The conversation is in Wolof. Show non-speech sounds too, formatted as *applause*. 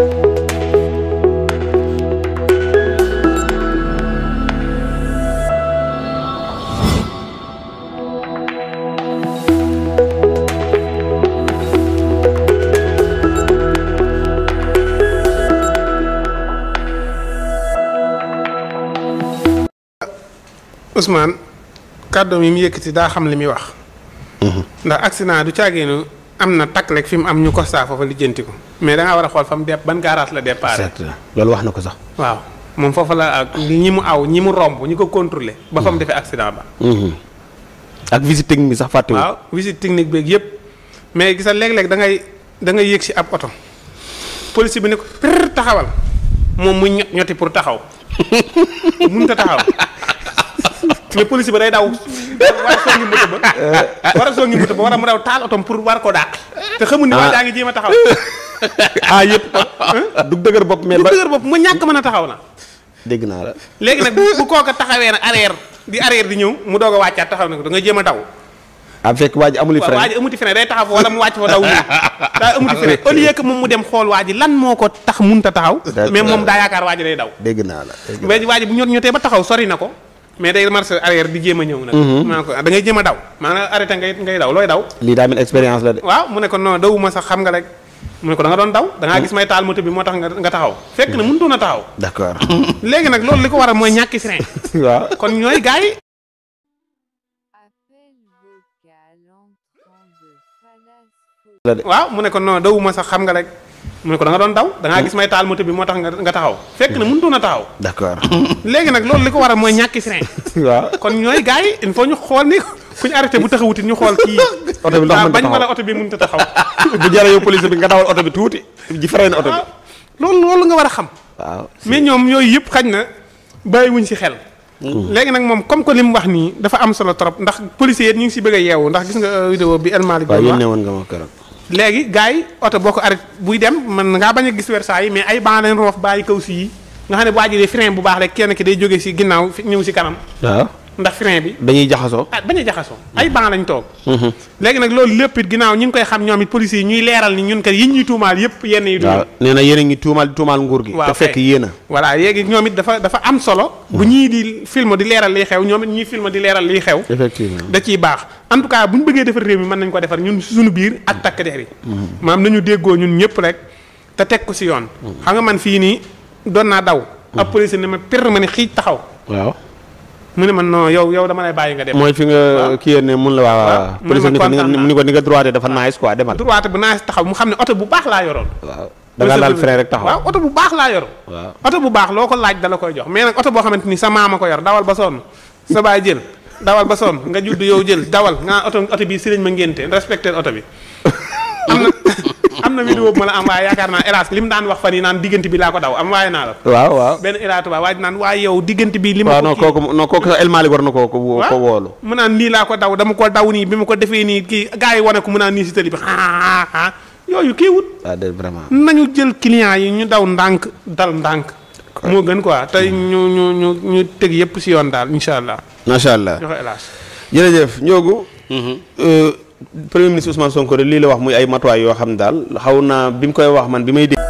Ousmane kàddoom yi mu yëkkati daa xam li muy wax. Mhm. ndax accident du caagee am na takk fi mu am ñu ko constat foofa lijjanti ko mais da war a xool fa mu dep ban garage la départ. loolu wax na ko sax. waaw moom foofa la ñi mu aw ñi mu romb ñi ko contrôler ba fa mm-hmm. defee accident ba. Mm-hmm. ak visite technique bi sax fàtte waaw visite technique béeg yëpp mais gisal léeg-léeg da ngay da ngay yéeg si ab oto police bi ne ko taxawal moom mu ñoti pour taxaw *laughs* mënut taxaw. mais police ba day daw war a songi moto ba euh. war a songi war a mu daw taal otom pour war ko dàq te xamul ni waa daa ah. ngi jéem a taxaw *laughs* ah, yëpp du dëgër bopp mais ba du dëgër bopp mu ñàkk mën a taxaw la dégg naa la léegi nag bu kooka taxawee nag arrière di arrière di ñëw mu doog a wàccaat taxaw na ko da nga jéem a daw ah fekk waa ji amul amuti frein day taxaw fa wala mu wàcc fa daw nii *laughs* daa moom mu dem xool waa ji lan moo ko tax munta taxaw mais moom daa yaakaar waa ji day daw dégg naa la mais waa ji bu ñor ñotee ba taxaw sori na ko mais day marché arrière di jéem a ñëw nag mhm. ma ko ah, da ngay jéem a daw maanaam arrêté ngay ngay daw looy daw lii daa mel expérience la de waaw mu ne ko non dawuma sax xam nga rek mu ne ko da nga doon daw da ngaa mm. gis may taal moto bi moo tax nga taxaw fekk na mm. mënutoon a taxaw d'accord *laughs* léegi nag loolu li ko waral mooy ñàkki frein *laughs* waaw kon ñooy gars mu ne ko dawuma sax xam nga rek mu ne ko da nga doon daw da ngaa gis may taal moto bi moo tax nga taxaw fekk na mënutoon a taxaw d'accord *laughs* léegi nag loolu li ko waral mooy ñàkki frein *laughs* waaw kon ñooy gars yi il ñu xool ni ku ñu arrêté bu taxawuti ñu xool kii *laughs* oto bi ndax bañ oto bi a taxaw bu jëlee bi nga dawal oto bi tuuti ji frein oto bi loolu loolu nga war a xam waaw mais ñoom yooyu yëpp xaj na bàyyi wuñ si xel hmm. léegi nag moom comme que li mu wax nii dafa am solo trop ndax policiers yi ñu ngi si bëgg a yeewu ndax gis nga euh, vidéo bi El Malick waaw yónnee woon nga ma keroog léegi gars yi oto boo ko arrêté buy dem mën ngaa bañ a gis weer saa yi mais ay ban leen roof bàyyi kaw si yi nga xam ne bu àjjee frein bu baax rek kenn ki day jóge si ginnaaw ñëw si kanam waaw ndax frein bi. dañuy jaxasoo ay bañ a jaxasoo ay ban lañ toog. Mhm. léegi nag loolu lépp it ginnaaw ñu ngi koy xam ñoom it police yi ñuy leeral ni ñun kat yi ñuy tuumaal yëpp yenn yi. waaw nee na yéen a ngi tuumaal di tuumaal nguur gi. te fekk yéen a. voilà léegi ñoom am solo. bu mhm. ñii di film di leeral liy xew ñoom it ñuy film di leeral liy xew. effectivement da ciy baax en tout cas bu ñu bëggee defar réew mi mën nañ ko defar ñun suñu biir ak takk mhm. nañu déggoo ñun ñëpp rek te teg ko si yoon. xam nga man fii nii doon naa daw. ab police ni ma pir ma ni xiij taxaw mu ne man non yow yow dama lay bàyyi nga dem. mooy fi nga kii yéen ne mun la waaw waaw. police ni ko ni ko ni nga droité dafa nice quoi demal. droité bu nice taxaw mu xam ne oto bu baax laa yoroon. waaw da ngaa laal rek taxaw. waaw bu baax laa yoroon. waaw bu baax loo ko laaj dala koy jox mais nag oto boo xamante ni sa maama ko yor dawal ba sonn sa baay jël dawal ba sonn nga judd yow jël dawal nga oto oto bi sëriñ ma ngénte respecté oto bi *laughs* am na vidéo bu ma la envoyé yaakaar naa hélas li mu daan wax fan yi naan diggante bi laa ko daw envoyé naa la waaw waaw benn hélas tubaab waaye naan waaye yow diggante bi li ma non ko non kooku sax El Malick war na ko ko woolu mu naan nii laa ko daw dama ko daw nii bi ma ko defee nii kii gars yi wane ko mu naan nii si tali bi aa yooyu kii wut ah, nañu jël client yi ñu daw ndànk dal ndànk moo gën quoi tey ñu ñu ñu ñu teg yëpp si yoon daal incha allah macha allah joxe hélas premier ministre Ousmane Sonko lii la wax muy ay matuwaay yoo xam daal xaw naa bi mu koy wax man bi may dégg